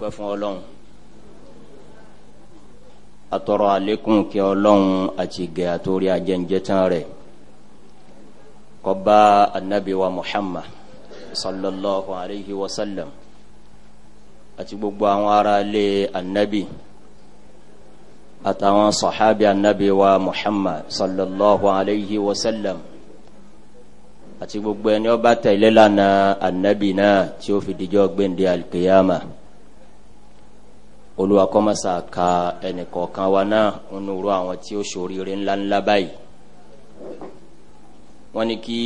dúpẹ́ fún ọlọ́run àtọ̀rọ̀ àlékún kí ọlọ́run àti gẹ̀ àtòrí ajẹ́njẹ́ tán rẹ̀ kọba anabiwa muhammad sallallahu alayhi wa sallam àti gbogbo àwọn ará ilé anabi àtàwọn sọ̀hábì anabiwa muhammad sallallahu alayhi wa sallam àti gbogbo ẹni ọba tẹ̀lé lánàá anabi náà tí ó fi dijọ́ gbẹ̀ndé alkiyama olúwa kọ́mọ́sà ka ẹnìkọ̀ọ̀kan wa náà ń ro àwọn tí ó ṣoríire ńláńlá báyìí wọ́n ní kí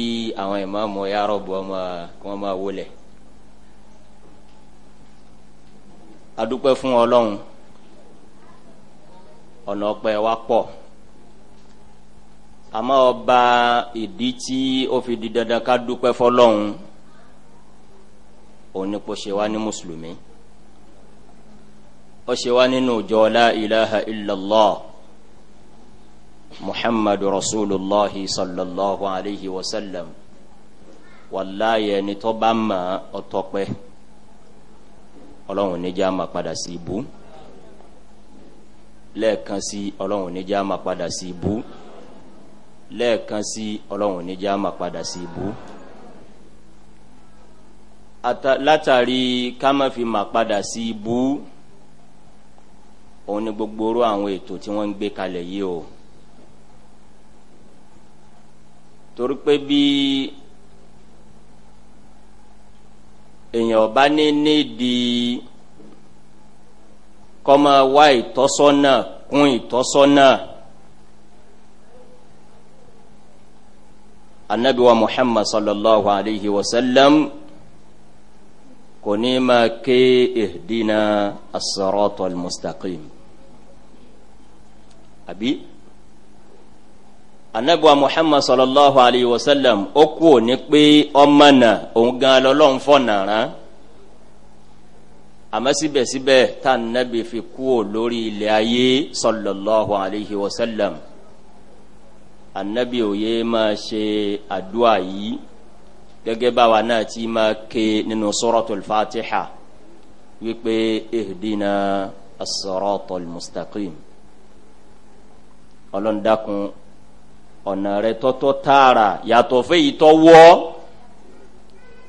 àwọn ìmáàmù yàrá bu ọmọ kí wọ́n máa wọlé adúpẹ́ fún ọlọ́run ọ̀nà ọpẹ́ wa pọ̀ àmọ́ ọba ìdí tí ó fi di dandan ká dúpẹ́ fọlọ́run òun ni kò ṣe wá ní mùsùlùmí ó ṣe wá nínú ìjọ la ilaha illallah muhammadu rasulillahi sallallahu alayhi wa sallam wàláyé ẹni tó bá mọ̀ ọtọpẹ ọlọ́run níjà máa padà sí ibú lẹ́ẹ̀kan sí ọlọ́run níjà máa padà sí ibú lẹ́ẹ̀kan sí ọlọ́run níjà máa padà sí ibú látàrí ká má fi máa padà sí ibú òun ni gbogbo orú àwọn ètò tí wọ́n ń gbé kalẹ̀ yìí o torí pé bí èèyàn ọba ní nídìí kọ́mọ wá ìtọ́sọ́nà kún ìtọ́sọ́nà anabi muhammad sallallahu alayhi wa sallam kò ní máa ké ihdina as mustaqim àbí anabiwa muhammad sallallahu alayhi wa sallam ó kú òní pé ọmọ náà òun gan lọ́lọ́run fọ̀nà rán àmọ́ síbẹ̀síbẹ̀ tá anabi fi kú ò lórí ilẹ̀ ayé sallallahu alayhi wa sallam anabi òye máa ṣe àdúrà yìí gẹ́gẹ́ báwa náà ti máa ké nínú suratul fatiha wípé ihdina as mustaqim ọlọ́ndàkùn ọ̀nà rẹ tọ́tọ́ tààrà yàtọ̀ fẹ́ yìí tọ́ wọ́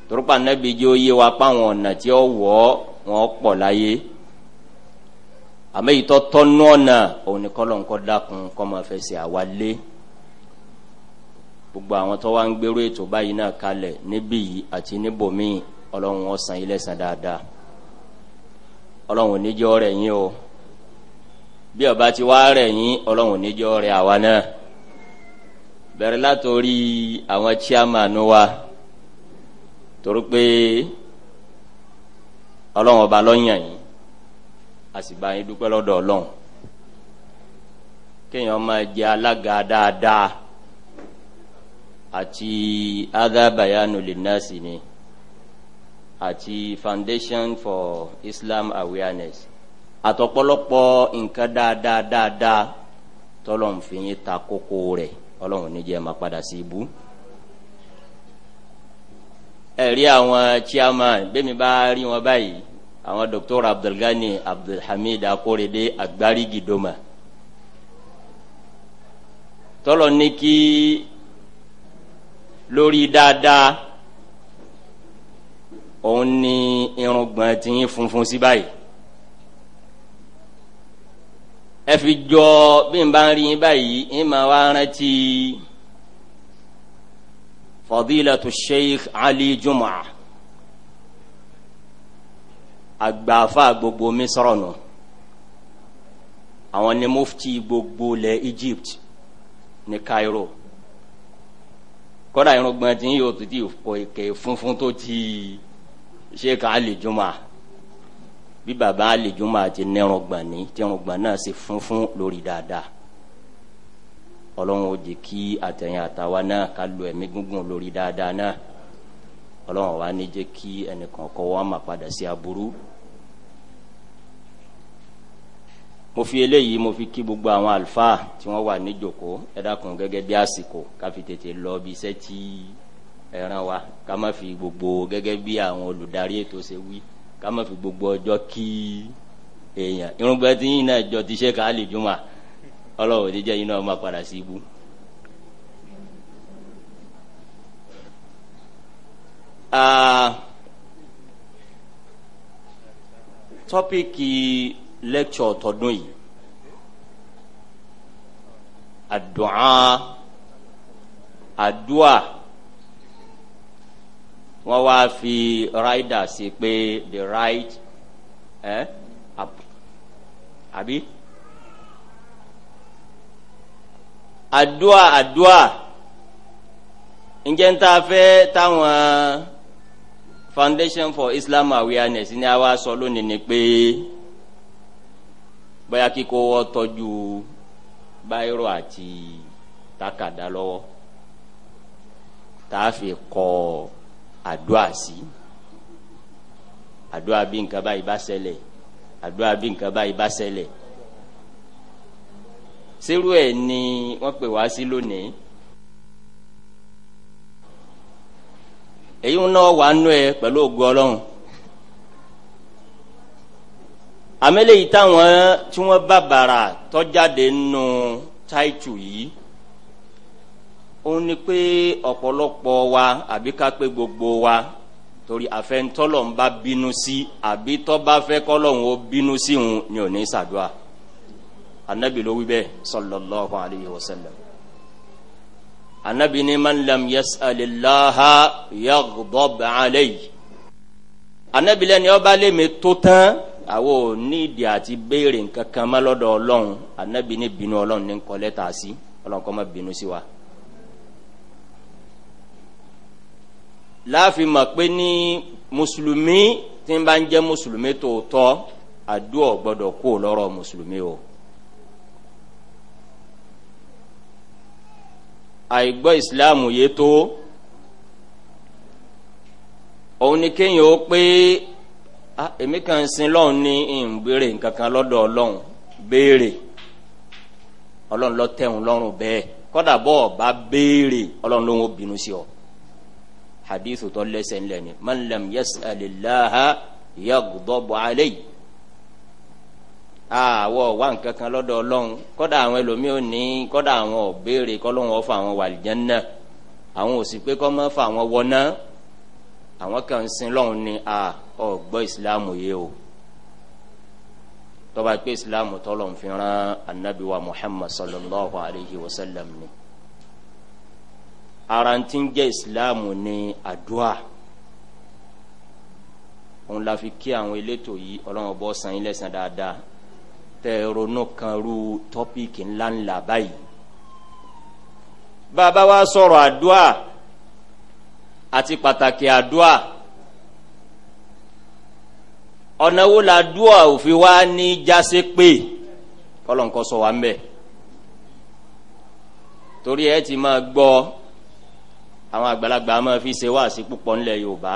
torípa nẹ́bi jẹ́ oyé wa páwọn ọ̀nà tí ó wọ́ wọn pọ̀ láyé àmọ́ yìí tọ́ tọ́nú ọ̀nà òun ni kọ́lọ̀ ńkọ́ dákun kọ́ máa fẹ́ ṣe àwa gbogbo àwọn tó wá ń gbèrú ètò báyìí náà kalẹ̀ níbí yìí àti níbòmíì ọlọ́run ọ̀sán ilẹ̀ sàn dáadáa ọlọ́run ò ní jẹ́ ọ̀rẹ́ yín o bí ọba ti wá rẹ̀ yín ọlọ́run níjọ́ rẹ̀ àwa náà bẹ̀rẹ̀ látòrí àwọn chairman wa torí pé ọlọ́run ọba lọ́yàn yín a sì bá yín dúpẹ́ lọ́dọ̀ ọlọ́run kéèyàn máa jẹ alága dáadáa àti adábàyánu lè nọ́ọ̀sì ni àti foundation for Islam awareness àtọ̀pọ̀lọpọ̀ nǹkan dáadáa dáadáa tọ́lọ́run fi yín ta kókó rẹ̀ ọlọ́run níjẹ́ máa padà sí ibú. ẹ̀rí àwọn chairman bẹ́mi bá rí wọn báyìí àwọn Dr. Abdulgani Abdulhamid Akorede Agbarigidoma tọ́lọ̀ ní kí lórí dáadáa òun ni irùngbọ̀n tí yín funfun sí báyìí. ẹ fi jọ bí n bá ń rí yín báyìí ń máa wá rántí fadilatu sheikh ali juma agbàfa gbogbo misrọ nù àwọn ni mufti gbogbo lẹ egypt ní cairo kódà irun gbọ̀n yóò tó ti kò funfun tó ti sheikh ali juma bí baba alejuma ti nẹrun gbọ̀n ní tẹrun gbọ̀n náà sì funfun lórí dáadáa ọlọ́run ó di kí àtẹ̀yìn àtàwa náà ká lo ẹ̀mí gúngùn lórí dáadáa náà ọlọ́run wa ní jẹ́ kí ẹnìkan kọ́ wa má padà sí aburú. mo fi eléyìí mo fi kí gbogbo àwọn àlùfáà tí wọ́n wà níjòkó ẹ dákun bí àsìkò ká fi tètè lọ bí iṣẹ́ tí ẹran wa ká má fi gbogbo gẹ́gẹ́ bí àwọn olùdarí ètò ṣe wí ká má fi gbogbo ọjọ́ kí èèyàn irúgbẹ́ tí yìí náà jọ ti ṣe ká lè jùmọ̀ ọlọ́wọ́ ti jẹ́ yìí náà má padà sí ibú. tọ́píkì lẹ́kṣọ̀ tọdún yìí àdùn àdúà wọ́n wá fi rider sí pé the right eh, up àbí. àdúà àdúà ǹjẹ́ ń ta fẹ́ táwọn foundation for islam awareness ni a wá sọ lónìí ni pé bóyá kíkó wọ́ tọ́jú báírò àti tákàdá lọ́wọ́ tá a fi kọ́ ọ àdúrà sí àdúrà bí nǹkan báyìí bá ṣẹlẹ̀ àdúrà bí nǹkan báyìí bá ṣẹlẹ̀ sírú ẹ̀ ni wọ́n pè wá sí lónìí èyí ń náà wà nú ẹ pẹ̀lú ògùn ọlọ́run àmẹ́lẹ́yìí táwọn tí wọ́n bá bàrà tọ́jáde nù táìtù yìí òun ni pé ọ̀pọ̀lọpọ̀ wa àbí ká pé gbogbo wa torí àfẹnutọ́lọ̀ ń bá bínú sí àbí tọ́ba fẹ́ kọ́lọ́hún ó bínú sí òun ni ò ní sàdúà anabi ló wí bẹ́ẹ̀ sallallahu alayhi wa sallam anabi ni man lam yas'alillaha yaghdab alayhi anabi lẹ́ni ọba lèmi tó tán àwọn ò ní ìdí àti béèrè nǹkan kan má lọ́dọ̀ ọlọ́run anabi ni bínú ọlọ́run ní kọ́lẹ́ta sí ọlọ́run kọ́ má bínú sí wa. láàfin mọ̀ pé ní mùsùlùmí tí ń bá ń jẹ́ mùsùlùmí tòótọ́ àdúrà gbọ́dọ̀ kó lọ́rọ̀ mùsùlùmí o. àìgbọ́ ìsìláàmù yé tó òun ni kéèyàn ó pé èmi kan sin lọ́hùn ní ìbéèrè nǹkan kan lọ́dọ̀ ọlọ́hùn béèrè ọlọ́hùn ló tẹ̀hún lọ́rùn bẹ́ẹ̀ kọ́dà bọ́ọ̀ bá béèrè ọlọ́hùn ló ń bínú sí ọ hadithu tó lẹ́sẹ̀ ńlẹ̀ ni man lam yas'alillaha yaghdabu alayhi àwọ̀ wà nǹkan kan lọ́dọ̀ ọlọ́run kọ́dà àwọn ẹlòmíì ò ní kọ́dà àwọn ọ̀béèrè kọ́lọ́hún ọ̀fọ̀ àwọn wàlìjẹ́n náà àwọn ò sì pé kọ́ mọ́ fà àwọn wọná àwọn kan sin lọ́hún ni à ọ̀gbọ́ ìsìláàmù yìí o tọ́ba pé ìsìláàmù tọ́lọ̀ ń fi ran anabiwa muhammad sallallahu alayhi wa sallam ni ara ń ti ń òun la fi kí àwọn elétò yìí ọlọ́run bọ́ san ilé san dáadáa tẹ ronú kan ru tọ́píìkì ńláńlá báyìí bàbá wa sọ̀rọ̀ adua, àti pàtàkì àdúrà ọ̀nà wo la adua òfin wa ní jásé pé kọ́lọ́nkọ́ sọ wa ń bẹ̀ torí ẹ ti máa gbọ́ àwọn àgbàlagbà máa fi ṣe wáàsí púpọ̀ ńlẹ̀ yorùbá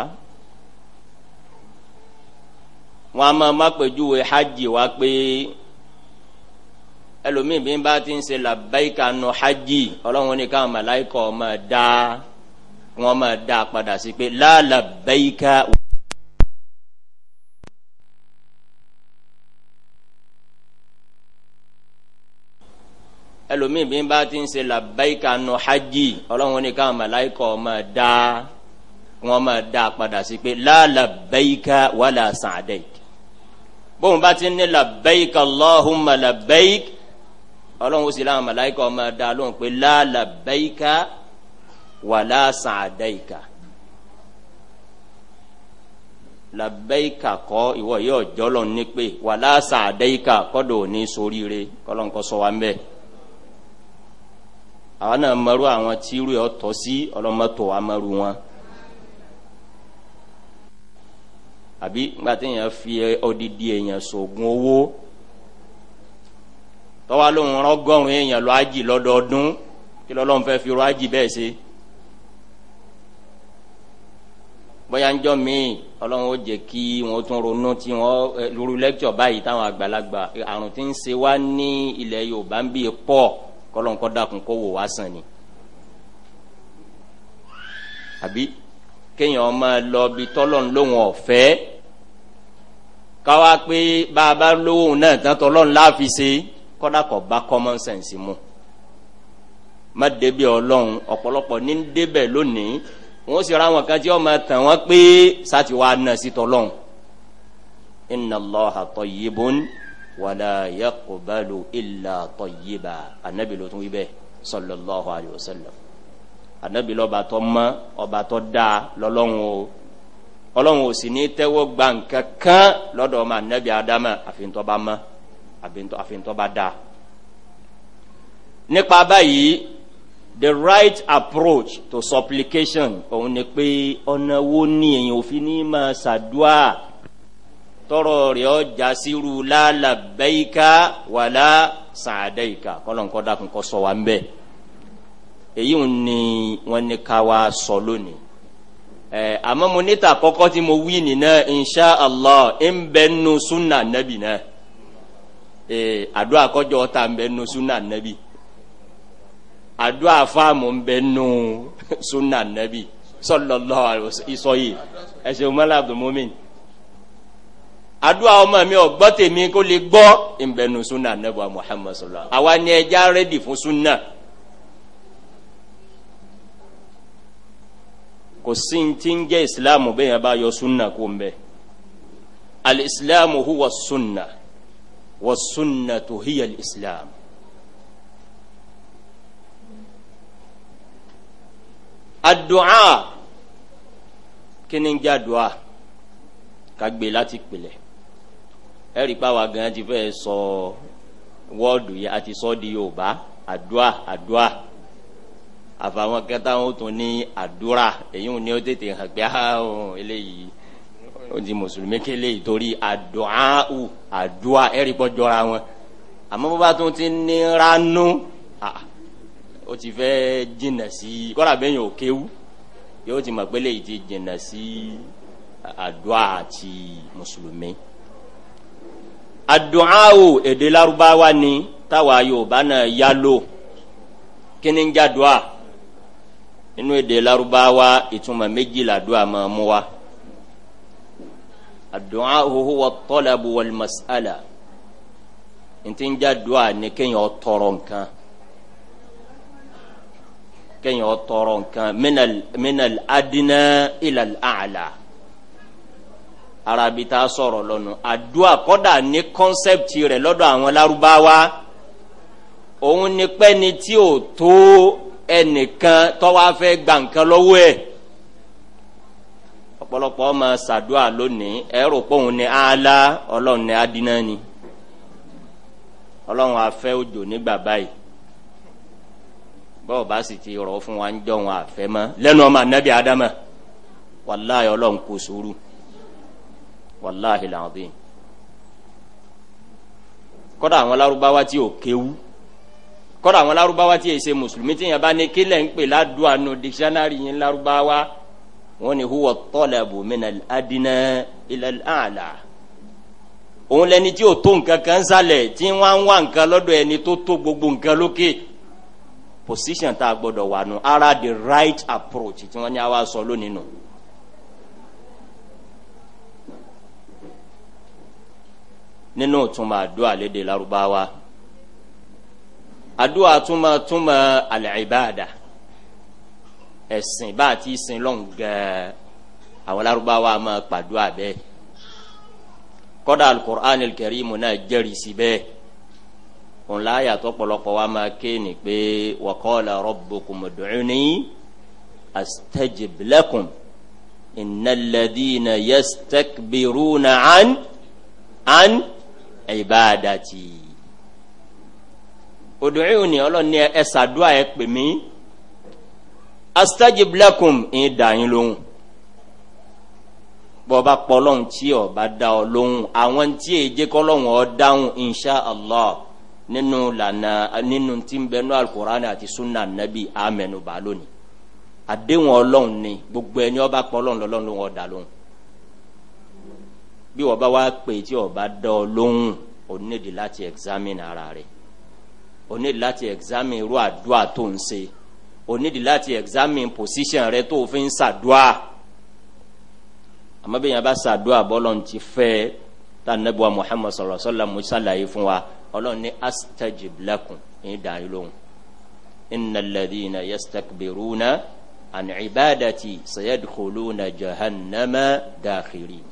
wọn a máa má pèjúwe hajj wa pé ẹlòmíì bí n bá ti ń ṣe làbáyíká nu hajj ọlọ́run ní káwọn màláìkọ̀ máa dá wọn máa dá padà sí pé láàlàbáyíká. ẹlòmíì bí n bá ti ń ṣe làbáyíká nù hajj ọlọ́run ní káwọn màláìkọ máa dá wọn máa dá padà sí pé lálàbáyíká wàlà sàdẹ̀k bóun bá ti ní làbáyíká lọ́hùnmá làbáyík ọlọ́run ó sì láwọn màláìkọ máa dá lóhùn pé lálàbáyíká wàlà sàdẹ̀ká labẹ́yìká kọ́ ìwọ yóò jọlọ ní pé wàlá sàdẹ́yìká kọ́dọ̀ ní sóríire kọ́lọ́nkọ́ sọ wa ń àwọn náà mọ̀rú àwọn tí irú yọ tọ́ sí ọlọ́mọtò wa wọn. àbí nígbà tí èèyàn fi odidi èèyàn sògùn owó tọ́wá lóun rọ́gọ́rùn-ún èèyàn lọ ájì lọ́dọọdún kí lọ́lọ́run fẹ́ fi rọ́ ájì bẹ́ẹ̀ ṣe. bóyá ń jọ míì ọlọ́run ó jẹ́ kí wọ́n tún ronú tí wọ́n lórí lẹ́kítọ̀ báyìí táwọn àgbàlagbà àrùn tí ń ṣe wá ní ilẹ̀ yorùbá ń bí pọ̀ kọlọ́n kọ́ dákun kó wò wá sàn ni. àbí kéèyàn máa lọ bí tọ́lọ́n lóhùn ọ̀fẹ́ káwá pé bá a bá lówó náà tán tọ́lọ́n láàfin ṣe kọ́dà kọ́ bá common sense mu. má débi ọlọ́run ọ̀pọ̀lọpọ̀ ní débẹ̀ lónìí wọ́n sì ra àwọn kan tí wọ́n máa tàn wọ́n pé sátìwá náà sí tọ́lọ́run. inna allah tayyibun wàlá yakubalu ilà tọyìbà anabi ló tún wí bẹ́ẹ̀ sallallahu alayhi wa sallam anabi lọ́ba tó mọ́ ọba tó dáa lọ́lọ́run o ọlọ́run ò sì ní tẹ́wọ́ gba nǹkan kan lọ́dọ̀ anabi adama àfihàn bá mọ́ àfihàn bá nípa báyìí the right approach to supplication òun ni pé ọ̀nà wo ni èèyàn òfin ní máa ṣàdúrà tọrọ rẹ ọjà síru lálà bẹ́ẹ̀ká wàlá sàdẹ́ẹ̀ká kọlọ́nkọ́ dàkún kọ́ sọ wa ń bẹ́ẹ̀ èyí ń ní wọn ní ká wa sọ lónìí ẹ àmọ́ mo níta kọ́kọ́ tí mo wí nìyẹn insha allah ń bẹ nu sunna nabi náà ẹ àdó àkọ́jọ ta ń bẹ nu sunna nabi àdó àfàmù ń bẹ nu sunna nabi sọlọlọ àlùsọ yìí ẹ ṣe umar abdulmumin àdúrà ọmọ mi ọ̀gbọ́n tèmi kó lè gbọ́ ìbẹ̀nu súnà nẹ́bà muhammad sọlá àwa ni ẹja rẹ́dì fún súnà. kò sí ti ń jẹ́ ìsìláàmù bẹ́ẹ̀ yẹn bá yọ súnà kó ń bẹ́ alìsìláàmù huwa súnà wà súnà tó híyà alìsìláàmù. àdùá kí ni ń jẹ́ àdùá ká gbé láti ẹ̀rí pàwọ́ gan ti fẹ́ sọ wọ́ọ̀dù yìí àti sọ di yorùbá àdúà àdúà àfàwọn kẹta wọn tún ní àdúrà èyí ni ó tètè hàn pé àwọn eléyìí ó di mùsùlùmí kélé torí àdùáhù àdúà ẹ̀rí pọ̀ jọra wọn àmọ́ bó bá tún ti ní ránú ó ti fẹ́ jìnà sí kọ́ra bẹ́ẹ̀ yẹn ò yóò ti mọ̀ pé léyìí ti jìnà sí àdúà àti mùsùlùmí àdùnáwò èdè lárúbáwá ni táwa yorùbá náà yá lò kí ni ń já dùá nínú èdè lárúbáwá ìtumọ̀ méjì làdùá máa mú wa àdùnáwò huwa tọ́lábù wàlmásálà ntí ń já ni kéèyàn tọrọ nǹkan kéèyàn tọrọ nǹkan minal adina ilal aala arabi ta sọ̀rọ̀ lọ́nu àdúà kọ́dà ní kọ́nsẹ́pìtì rẹ̀ lọ́dọ̀ àwọn lárúbáwá òun ni pẹ́ni tí ò tó ẹnìkan tọ́wá fẹ́ gbà nǹkan lọ́wọ́ ẹ̀ ọ̀pọ̀lọpọ̀ ọmọ sàdúà lónìí ẹ̀rọ pòun ni ala ọlọ́run ni adínà ni ọlọ́run afẹ́ òjò nígbà báyìí bọ́ọ̀ bá sì ti rọ̀ fún wa ń jọ̀ wọn àfẹ́ mọ́ lẹ́nu ọmọ anabi adama wàláyọ̀ ọlọ́run kò sóru wàláhi làǹdín kọ́dà àwọn lárúbáwá tí ò kéwú kọ́dà àwọn lárúbáwá tí èsè mùsùlùmí tí yẹn bá ní kílẹ̀ ń pè ládùú àánú dikisánárì yẹn lárúbáwá wọn ni huwa tọ́lẹ̀bù mina adina ilẹ̀ àlà òun lẹni tí ò tó nǹkan kan sálẹ̀ tí wọ́n ń wá nǹkan lọ́dọ̀ ẹni tó tó gbogbo nǹkan lókè position tá a gbọ́dọ̀ wà nù ara the right approach tí wọ́n ní a wá sọ lónìí nù. No nínú ìtumọ̀ àdúrà lédè Lárúbáwá àdúrà túmọ̀ túmọ̀ al-ibada ẹ̀sìn bá a ti sin lọ́ngẹ̀ẹ́ àwọn Lárúbáwá máa pàdúrà bẹ́ẹ̀ kọ́dà al-Qur'an al-Karim náà jẹ́rìí sí bẹ́ẹ̀ òun láyà tó pọ̀lọpọ̀ wa máa ké ni pé wa qala rabbukum ud'uni astajib ladina yastakbiruna an an ibadati odu'u ni ọlọ́run ni ẹ ṣàdúrà ẹ pè mí astajib lakum ń dà yín lóhùn bọba kpọlọ́n tí o bá da ọ lóhùn àwọn tí èyí jẹ́ kọ́lọ́hùn ọ dáhùn insha allah nínú lànà nínú tí ń bẹ nínú alukur'an àti sunna nabi amẹnubá àdéhùn ọlọ́run ni gbogbo ẹni ọba kpọlọ́n lọ́lọ́run ló ń ọ dà lóhùn bí wọ́n bá wá pè tí wọ́n bá dán ọ lóhùn o nídi láti examine ara rẹ̀ o nídi láti examine irú àdúrà tó ń ṣe o nídi láti examine position rẹ tó fi ń ṣàdúrà àmọ́ bí yẹn bá ṣàdúrà bọ́lọ̀ ń ti fẹ́ tá nẹ́bùwá muhammed sọ̀rọ̀ sọ́lá mu ṣàlàyé fún wa ọlọ́run ní astajib lẹ́kùn ní dàrí lóhùn inna ladina yastakbiruna an ibadati sayadkhuluna jahannama dakhirin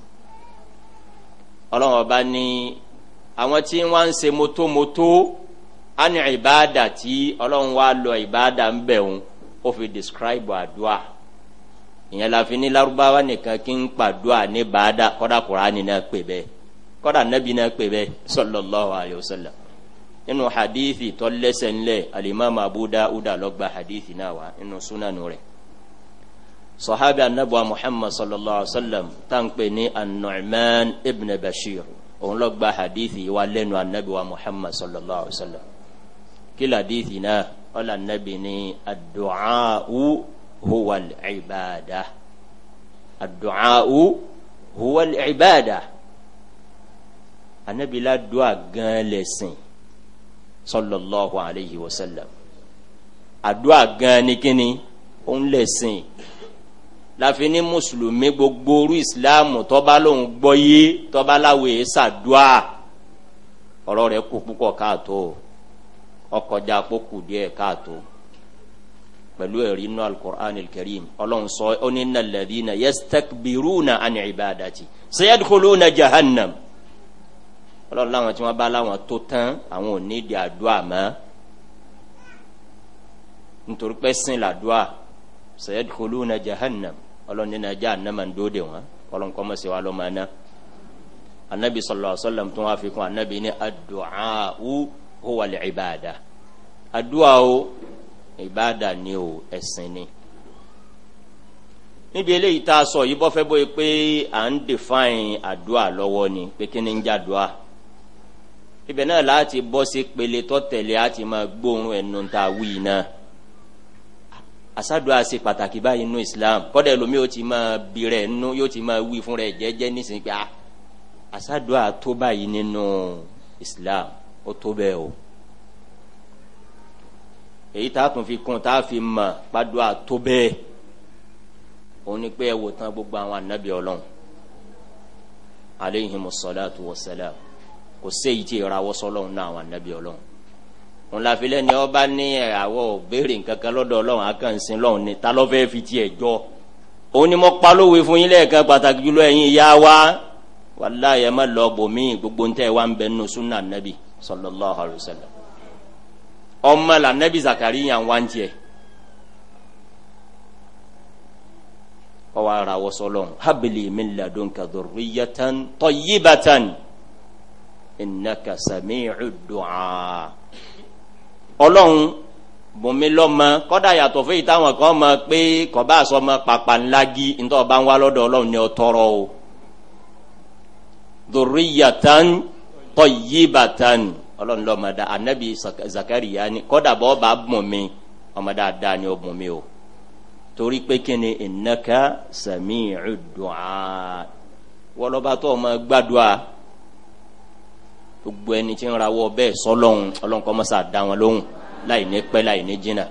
ọlọ́run ọba ní àwọn tí wọ́n ń se motomoto ani ìbáàdà tí ọlọ́run wa lọ ìbáàdà ń bẹ̀ òun ó fi describe àdúrà ìyẹn la fi ní larubawa nìkan kí ń pàdúrà ní bàádà kọ́dà kùránì náà pè bẹ́ẹ̀ kọ́dà nàbì náà pè bẹ́ẹ̀ sọlọ́láhu alayhi wa sallam nínú hadithi tọ́lẹ́sẹ̀ ńlẹ̀ alimami abu dawuda lọ́gba hadithi náà wá nínú sunanu rẹ̀ sahabi anabuwa muhammad sallallahu alaihi wa sallam tanpe ni an-nu'man ibn bashir òun lọ gba hadithi wa lẹnu anabiwa muhammad sallallahu alaihi wa sallam kila hadithi náà ọlọ anabi ni adu'a'u huwa al-ibada adu'a'u huwa al-ibada anabi la du'a gan lẹsin sallallahu alaihi wa sallam adu'a gan ni kini òun lẹsin láfi ní mùsùlùmí gbogbo orú ìsìláàmù tọ́ba lòun gbọ́ yé tọ́ba láwo èé sàdúà ọ̀rọ̀ rẹ̀ kú púpọ̀ káàtó ọkọjà àpòkù díẹ̀ káàtó pẹ̀lú ẹ̀rí inú alukur'an kẹrìm ọlọ́run sọ onínà lẹ́dínà yẹ́sítẹ́kbìrúnà àni ìbàdàtì sẹ́yẹ́dìkọ́lónà jahannam ọlọ́run láwọn tí wọ́n bá láwọn tó tán àwọn ò ní di àdúrà mọ́ nítorí pé sìn làdúrà sẹ́yẹ́dìkọ́lónà jahannam ọlọ́run nínú ajá anamọ̀ ń dóde wọn ọlọ́run kọ́ mọ̀ sí wa lọ́ máa ná anabi sọlọ sọlọm tó wá fi kún anabi ní adu'ahu huwa lè ibada adu'a o ibada ni o ẹ̀sìn ni níbi eléyìí tá a sọ yìí bọ́fẹ́ bóyá pé à ń define àdúrà lọ́wọ́ ni pé kí ni ń já dùá ibẹ̀ náà láti bọ́ sí pele tọ́tẹ̀lé àti máa gbóòórùn ẹnu tá a wí náà asádùá ṣe pàtàkì báyìí nínú islam kọ́dà ẹlòmí yóò ti máa bi rẹ̀ nínú yóò ti máa wí fún rẹ̀ jẹ́jẹ́ nísìnyí pé asádùá ah, tó báyìí nínú islam ó tó bẹ́ẹ̀ o èyí tá a tún fi kún tá a fi mọ̀ pàdùá tó bẹ́ẹ̀ òun ni pé ẹ wò tán gbogbo àwọn anabi ọlọ́run aleyhi musalatu wasalam kò séyìí tí ìrawọ́sọ́ ọlọ́run náà àwọn anabi ọlọ́run ńláfilẹ ni ọba ní àwọ òbéèrè nkankan lọdọ ọlọrun akànsin lọrun ni ta lọ fẹẹ fi tiẹ jọ òun ni mo palówe fún yín lẹẹkan pàtàkì jùlọ ẹyin ìyá wa wàláyé má lọ bòmíì gbogbo ntẹ wa ń bẹ nínú sunna nabi sallallahu alayhi wa sallam ọmọ la nabi zakariya ń wá ń tiẹ ọwọ ara wọsọlọ habili mi ladun kaduriyatan tọyibatan inaka sami'u du'a ọlọ́run bùnmi lọ́mọ kọ́dà yàtọ̀ fún ìtàwọn kan mọ̀ pé kọ́bá àsọmọ pàpà ńlá gí bá ń wá lọ́dọ̀ ọlọ́run ni ọ tọrọ o doriyatan tọyibatan ọlọ́run lọ́mọ dá anabi zakariya ni kọ́dà bọ́ bá bùnmi ọmọ dáadáa ni ó bùnmi o torí pé kíni ìnáka sami'u du'a wọlọ́ba tó ọmọ gbàdúrà gbogbo ẹni tí ń rawọ́ bẹ́ẹ̀ sọ́lọ́hún ọlọ́run kọ́ mọ́sá dá wọn lóhùn láì ní pẹ́ láì ní jìnnà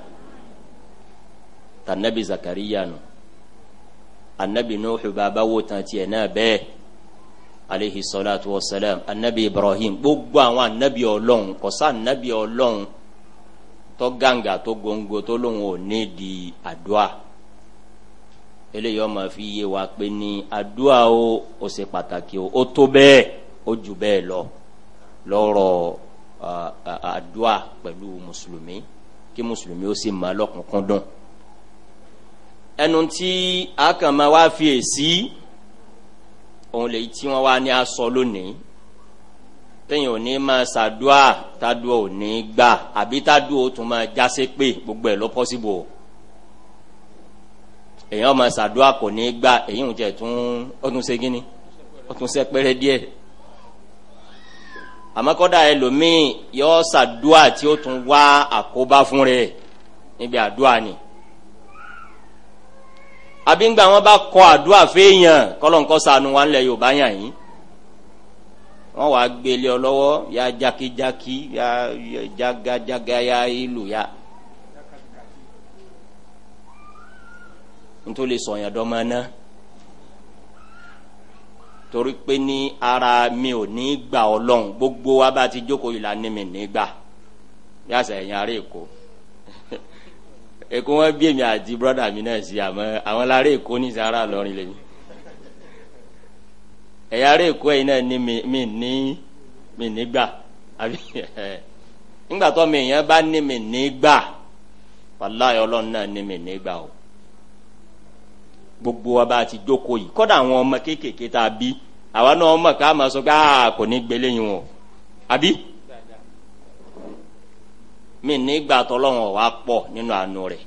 tànàbí zakariya nù anabi nuhu bàbá wo tán tiẹ̀ náà bẹ́ẹ̀ aleyhi salatu wa salam anabi ibrahim gbogbo àwọn anabi ọlọ́run kọ́sá anabi ọlọ́run tó ganga, tó gongo, tó lóun ò ní di adua. eléyìí ọmọ fi yé wa pé ní àdúrà o ó ṣe pàtàkì o ó tó bẹ́ẹ̀ ó jù bẹ́ẹ̀ lọ lọ́rọ̀ àdúà pẹ̀lú mùsùlùmí kí mùsùlùmí ó sì máa lọ́kùnkún dùn ẹnu tí a kàn máa wá fi èsì òun lè tí wọ́n wá ní asọ lónìí téèyàn ò ní máa ṣàdúà tádùá ò ní gbà àbí tádùá ó tún máa jásé pé gbogbo ẹ̀ ló pọ́síbò èèyàn máa ṣàdúà kò ní gbà èyí ò jẹ́ tún ó tún ṣe gíní ó tún àmọ́kọ́dà ẹlòmíì yọ sàdúà tí ó tún wá àkóbá fún rẹ̀ níbi àdúà ni àbígbà wọn bá kọ àdúà fẹ́yàn kọ́lọ́nkọ́ sànù wa ńlẹ̀ yorùbá yàn yín wọn wàá gbélé ọ lọ́wọ́ ya jákijáki ya jagajaga ya ìlú ya nítorí sọ̀yàn dọ́mọ náà torí pé ní ara mi ò ní gbà ọlọ́run gbogbo wa bá ti jókòó yìí la ní mi ní gbà yàtọ̀ ẹ̀yìn ará èkó èkó wọn bí èmi àti brọ́dà mi náà sí àmọ́ àwọn ará èkó ní sahara lọ́rin lẹ́yìn ẹ̀yà ará èkó ẹ̀yìn náà ní mi ní mi ní gbà àbí tó mi yẹn bá ní mi ní gbà wàláyọ̀ ọlọ́run náà ní mi ní gbà o. gbogbo wa bá a ti jókòó yìí kọ́dà àwọn ọmọ kéékèèké tá a bí àwa náà ọmọ ká máa sọ pé a kò ní gbélé yín wọn àbí. mi nígbà tọ́lọ́hún ọ̀wá pọ̀ nínú àánú rẹ̀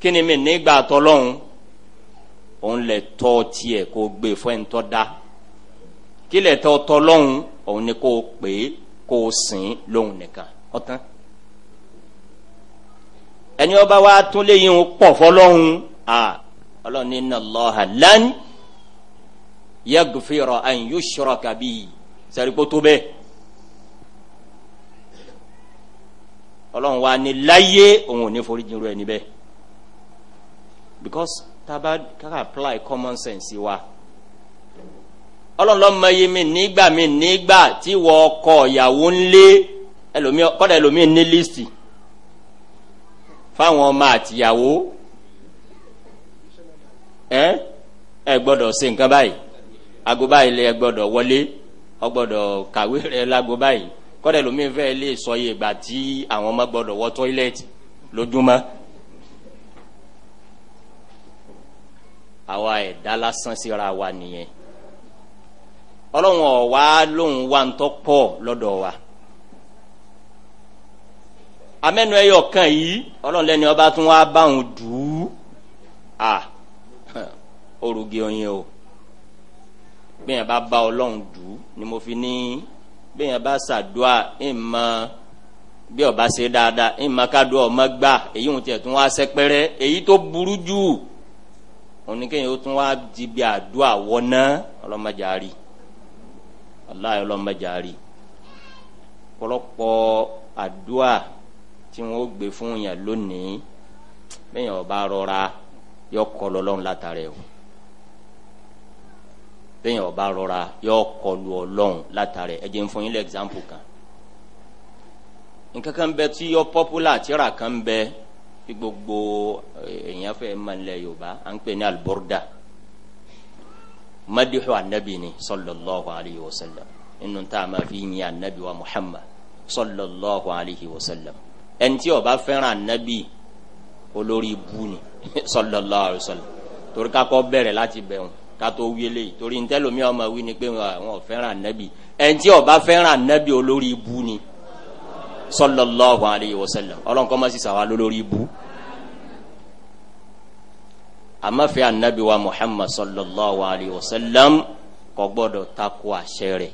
kí ni mi nígbà tọ́lọ́hún òun lè tọ́ tiẹ̀ kó gbé fún ẹ̀ tọ́ da kí lè tọ́ tọ́lọ́hún òun ni kó pè é kó sìn lóhun nìkan ọ̀tán ẹni ọba wa tún léyìn pọ̀ fọlọ́hún. a ọlọ́run ní inna Allaha lan yaghfira an yushraka bihi sẹ́ríkó tó bẹ́ẹ̀ ọlọ́run wa ní láyé òun ò ní forí jinrú ẹni bẹ́ẹ̀ because taba kaka apply common sense wa ọlọ́run ló mọ iye mi nígbà mi nígbà tí wọ́n ọkọ ìyàwó ń lé ẹlòmíì kọ́dà ní lísì fáwọn ọmọ àtìyàwó ẹ ẹ gbọ́dọ̀ ṣe nǹkan báyìí báyìí lè ẹ wọlé ọ kàwé rẹ báyìí kọ́dẹ̀ lómi fẹ́ lè sọ tí àwọn ọmọ wọ tọ́ílẹ̀tì wa nìyẹn ọlọ́run ọ̀wá lòun ń tọ́ pọ̀ lọ́dọ̀ wa ọba tún wá bá òun orugi oyin o bẹ́ẹ̀ bá bá ọlọ́run dù ú ni mo fi ní bẹ́ẹ̀ bá ṣàdúà ẹ̀ mọ bí ọba ṣe dáadáa ẹ̀ mọ kádùá ọmọ gbà èyí ń tiẹ̀ tún wá sẹ́pẹ́rẹ́ èyí tó burú jù oníkẹ́yìn ó tún wá di bí àdúà wọná ọlọ́mọdé aláì ọlọ́mọdé àárí àdúà tí wọn ó gbé fún yàn lónìí bẹ́ẹ̀ ọba rọra yọ lọ́lọ́run látàrí o bẹ́ẹ̀ ọba rọra yọ kọlu ọlọ́run látàrí ẹ̀jẹ̀ ń fún yín lẹ́ ẹ̀gzámpù kan nǹkan kan bẹ tí yọ pọ́pùlà tíra kan bẹ tí gbogbo eh, èèyàn fẹ́ máa ń lẹ yorùbá à ń pè ní aliborda madihu anabi ni sallallahu alayhi wa sallam inú tá a máa fi yin anabi wa muhammad sallallahu alayhi wa sallam ẹni tí ọba fẹ́ràn anabi olórí ibu ni sallallahu alayhi wa sallam torí kakọ bẹ̀rẹ̀ láti bẹ̀ kátó wílé torí ntẹ́lomi ọmọ wí ni pé wọn fẹ́ràn anabi ẹnití ọba fẹ́ràn anabi olórí ibu ni sọlọlọ́hu aleyhi wa sẹlẹm ọlọ́nkọ́ ma sísà wa lórí ibu àmàfẹ́ anabi wa muhammad sọlọlọ́hu aleyhi wa sẹlẹm kọ gbọ́dọ̀ takò àṣẹ rẹ̀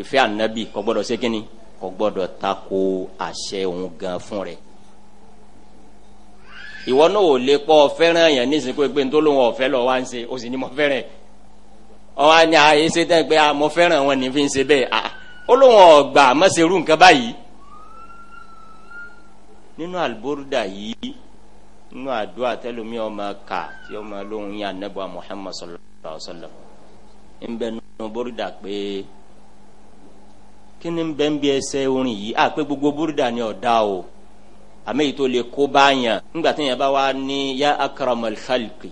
ìfẹ́ anabi kọ gbọ́dọ̀ sẹ́kìnni kọ gbọ́dọ̀ takò àṣẹ òun gan fún rẹ̀ ìwọ náà ò lè pọ fẹ́ràn yẹn nísìnyí pé pé ntòlóhùn ọ̀fẹ́ lọ wá ń ṣe o sì ní mo fẹ́ràn ọwọ́ ni àyè ṣe tẹ́ pé mo fẹ́ràn wọn ní fi ń ṣe bẹ́ẹ̀ à olóhùn ọ̀gbà mọ́sẹ̀rú nǹkan báyìí nínú àlùbọ́rúdà yìí nínú àdúrà tẹlumi ọmọ ká tí ọmọ lóhùn yẹn anabuwa muhammad sallallahu alaihi wa sallam ń bẹ nínú bọ́rúdà pé kí ni ń bẹ bí ẹsẹ̀ orin yìí à gbogbo bọ́rúdà ni ọ̀dà àmì yìí tó lè kó báyàn ńgbà tí yẹn bá wá ní yá akramal khalqi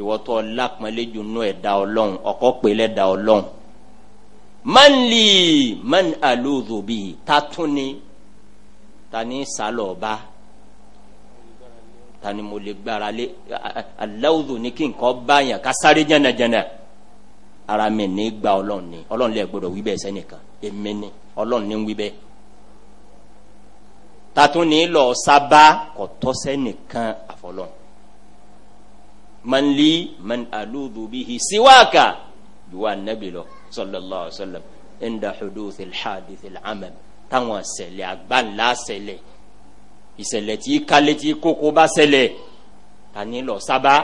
ìwọ́tọ̀ lápọ̀nlẹ́jù nú ẹ̀dá ọlọ́run ọ̀kọ́ pè lẹ́dá ọlọ́run man li man aludhu bi ta tún ni ta ni sálọ̀ọ́bá ta ni mo lè gbára lé aláwùdù ní kí nǹkan báyàn ká sáré jẹ́nàjẹ́nà ara mi ní gba ọlọ́run ni ọlọ́run lè gbọdọ̀ wí bẹ́ẹ̀ sẹ́nìkan èmi ni ọlọ́run tatuni lọ saba kọtọsẹ nìkan àfọlọ manli man aludu bihi siwaka juwa nabi lọ sallallahu alaihi sallam inda huduthi alhadithi al'amam táwọn ṣẹlẹ̀ agbanla ṣẹlẹ̀ ìṣẹlẹ̀ tí kálẹ tí kókó bá tani lọ saba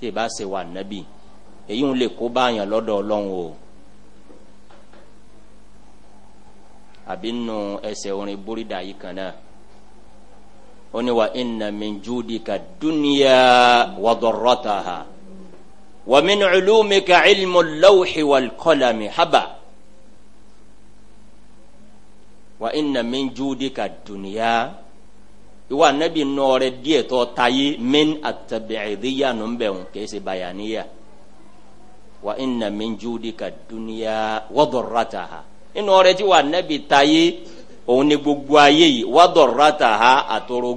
tí ì bá nabi èyí ń lè kó báyàn lọ́dọ̀ Ọlọ́run o. àbí nù ẹsẹ̀ orin búrídà yìí kan náà ó ní wa inna min judika dunya wa darrataha wa min culumika cilmu lawxi walqalami haba wa inna min judika dunya ìwà anabi nọọrẹ díẹ̀ tó tayé min atabicidiyya nù bẹ̀rù bayaniya wa inna min judika dunya wa darrataha inú ọrẹ tí wà nẹ́bi ta yé òun ni gbogbo ayé yìí wàdọ̀rọ̀ta ha àtọ̀rọ̀gùn.